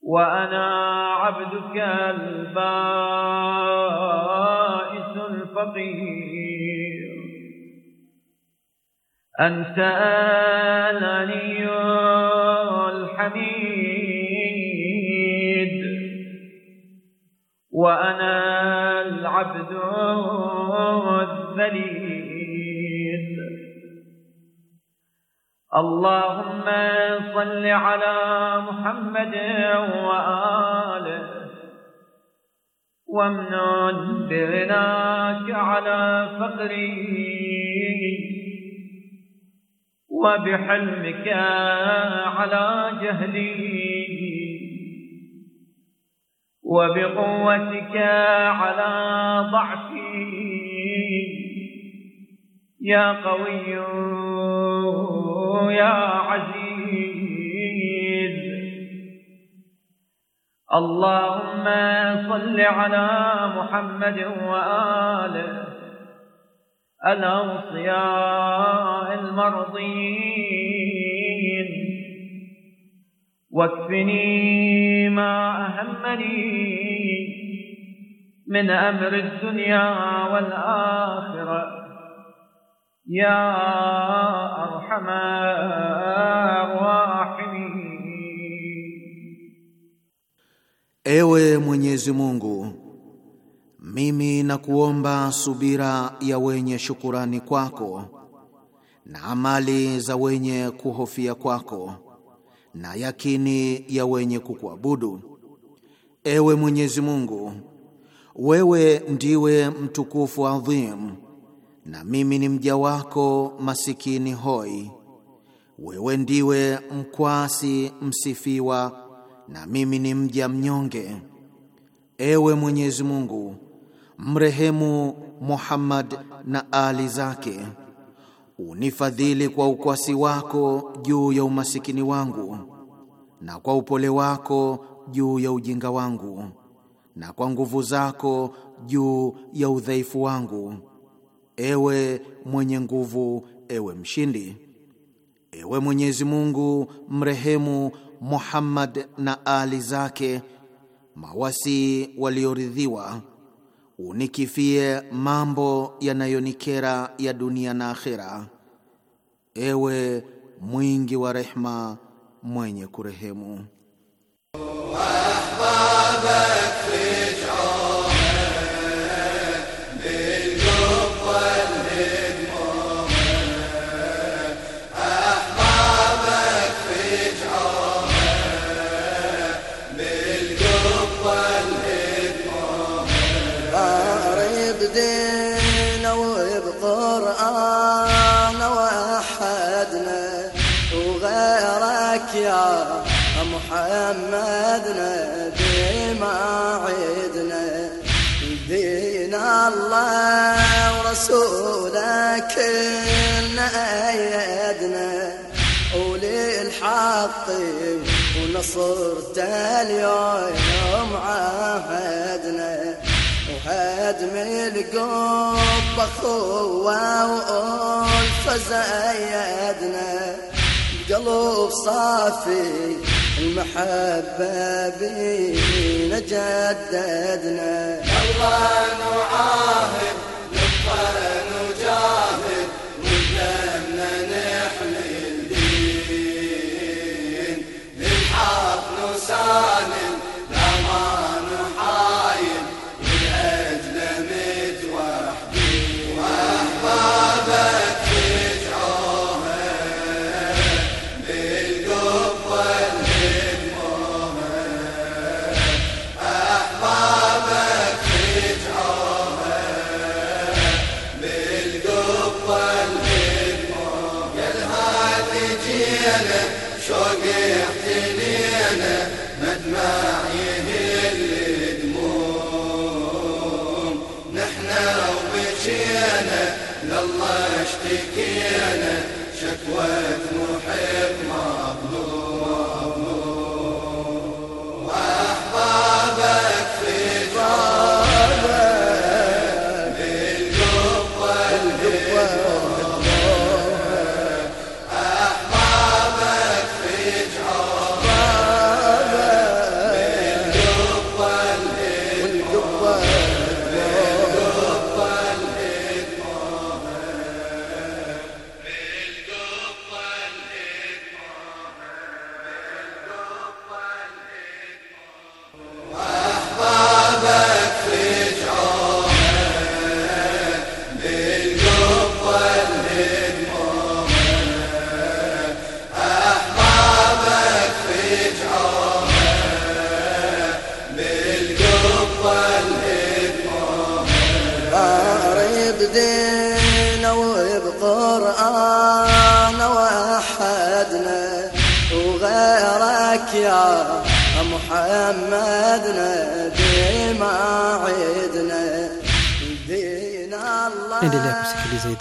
وأنا عبدك البائس الفقير أنت الغني الحميد وأنا العبد المرسلين اللهم صل على محمد وآله وامنن بغناك على فقره وبحلمك على جهله وبقوتك على ضعفه يا قوي يا عزيز اللهم صل على محمد وآله الأوصياء المرضين واكفني ما أهمني من أمر الدنيا والآخرة يا أرحم الراحمين Ewe Mwenyezi Mungu, mimi nakuomba subira ya wenye shukurani kwako na amali za wenye kuhofia kwako na yakini ya wenye kukuabudu. Ewe Mwenyezi Mungu, wewe ndiwe mtukufu adhim na mimi ni mja wako masikini hoi. Wewe ndiwe mkwasi msifiwa, na mimi ni mja mnyonge. Ewe Mwenyezi Mungu, mrehemu Muhammad na ali zake, unifadhili kwa ukwasi wako juu ya umasikini wangu, na kwa upole wako juu ya ujinga wangu, na kwa nguvu zako juu ya udhaifu wangu Ewe mwenye nguvu, ewe mshindi, ewe Mwenyezi Mungu mrehemu Muhammad na ali zake mawasi walioridhiwa, unikifie mambo yanayonikera ya dunia na akhera, ewe mwingi wa rehma, mwenye kurehemu. محمدنا عيدنا دين الله ورسوله كلنا أيدنا وللحق ونصرت اليوم عهدنا وهدم القب خوة وألفة زيدنا قلوب صافي المحبة بينا جددنا الله نعاهد لله اشتكي انا شكوتنا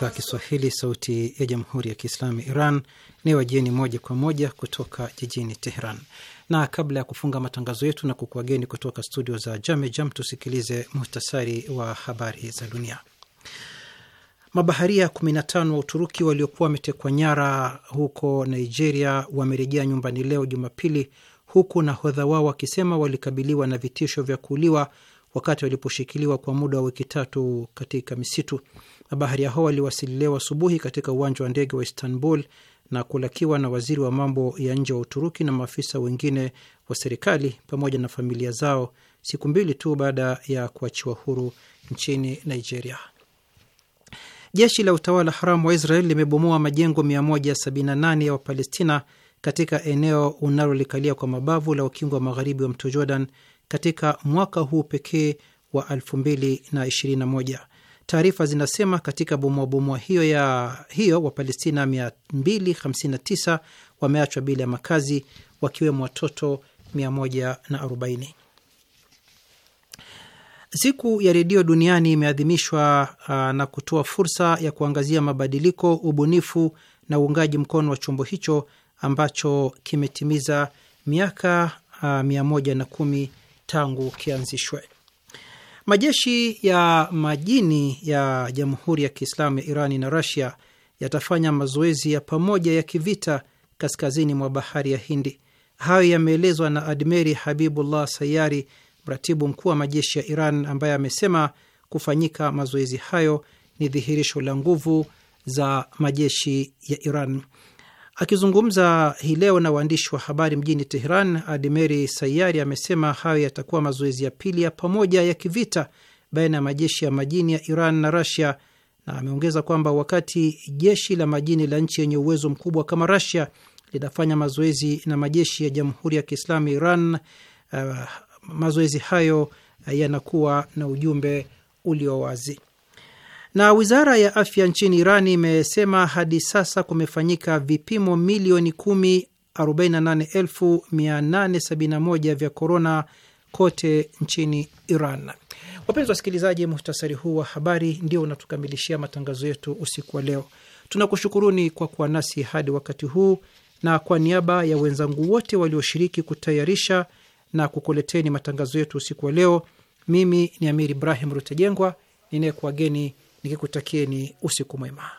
idhaa Kiswahili sauti ya jamhuri ya kiislamu Iran ni wajieni moja kwa moja kutoka jijini Teheran. Na kabla ya kufunga matangazo yetu na kukuageni kutoka studio za Jamejam, tusikilize muhtasari wa habari za dunia. Mabaharia 15 wa Uturuki waliokuwa wametekwa nyara huko Nigeria wamerejea nyumbani leo Jumapili, huku nahodha wao wakisema walikabiliwa na vitisho vya kuuliwa wakati waliposhikiliwa kwa muda wa wiki tatu katika misitu. Mabaharia hao waliwasili leo asubuhi katika uwanja wa ndege wa Istanbul na kulakiwa na waziri wa mambo ya nje wa Uturuki na maafisa wengine wa serikali pamoja na familia zao, siku mbili tu baada ya kuachiwa huru nchini Nigeria. Jeshi la utawala haramu wa Israel limebomoa majengo 178 ya Wapalestina katika eneo unalolikalia kwa mabavu la ukingo wa magharibi wa mto Jordan katika mwaka huu pekee wa 2021. Taarifa zinasema katika bomoabomoa hiyo ya hiyo Wapalestina 259 wameachwa bila ya makazi wakiwemo watoto 140. Siku ya redio duniani imeadhimishwa uh, na kutoa fursa ya kuangazia mabadiliko, ubunifu na uungaji mkono wa chombo hicho ambacho kimetimiza miaka 110 uh, tangu kianzishwe. Majeshi ya majini ya Jamhuri ya Kiislamu ya Irani na Rasia yatafanya mazoezi ya pamoja ya kivita kaskazini mwa bahari ya Hindi. Hayo yameelezwa na Admeri Habibullah Sayari, mratibu mkuu wa majeshi ya Iran, ambaye amesema kufanyika mazoezi hayo ni dhihirisho la nguvu za majeshi ya Iran. Akizungumza hii leo na waandishi wa habari mjini Teheran, Admeri Sayari amesema hayo yatakuwa mazoezi ya pili ya pamoja ya kivita baina ya majeshi ya majini ya Iran na Rasia, na ameongeza kwamba wakati jeshi la majini la nchi yenye uwezo mkubwa kama Rasia linafanya mazoezi na majeshi ya Jamhuri ya Kiislamu ya Iran, uh, mazoezi hayo eh, yanakuwa na ujumbe ulio wazi. Na wizara ya afya nchini Iran imesema hadi sasa kumefanyika vipimo milioni 10,488,871 vya korona kote nchini Iran. Wapenzi wasikilizaji, muhtasari huu wa habari ndio unatukamilishia matangazo yetu usiku wa leo. Tunakushukuruni kwa kuwa nasi hadi wakati huu, na kwa niaba ya wenzangu wote walioshiriki kutayarisha na kukuleteni matangazo yetu usiku wa leo, mimi ni amir Ibrahim Rutejengwa ninayekuwageni nikikutakieni usiku mwema.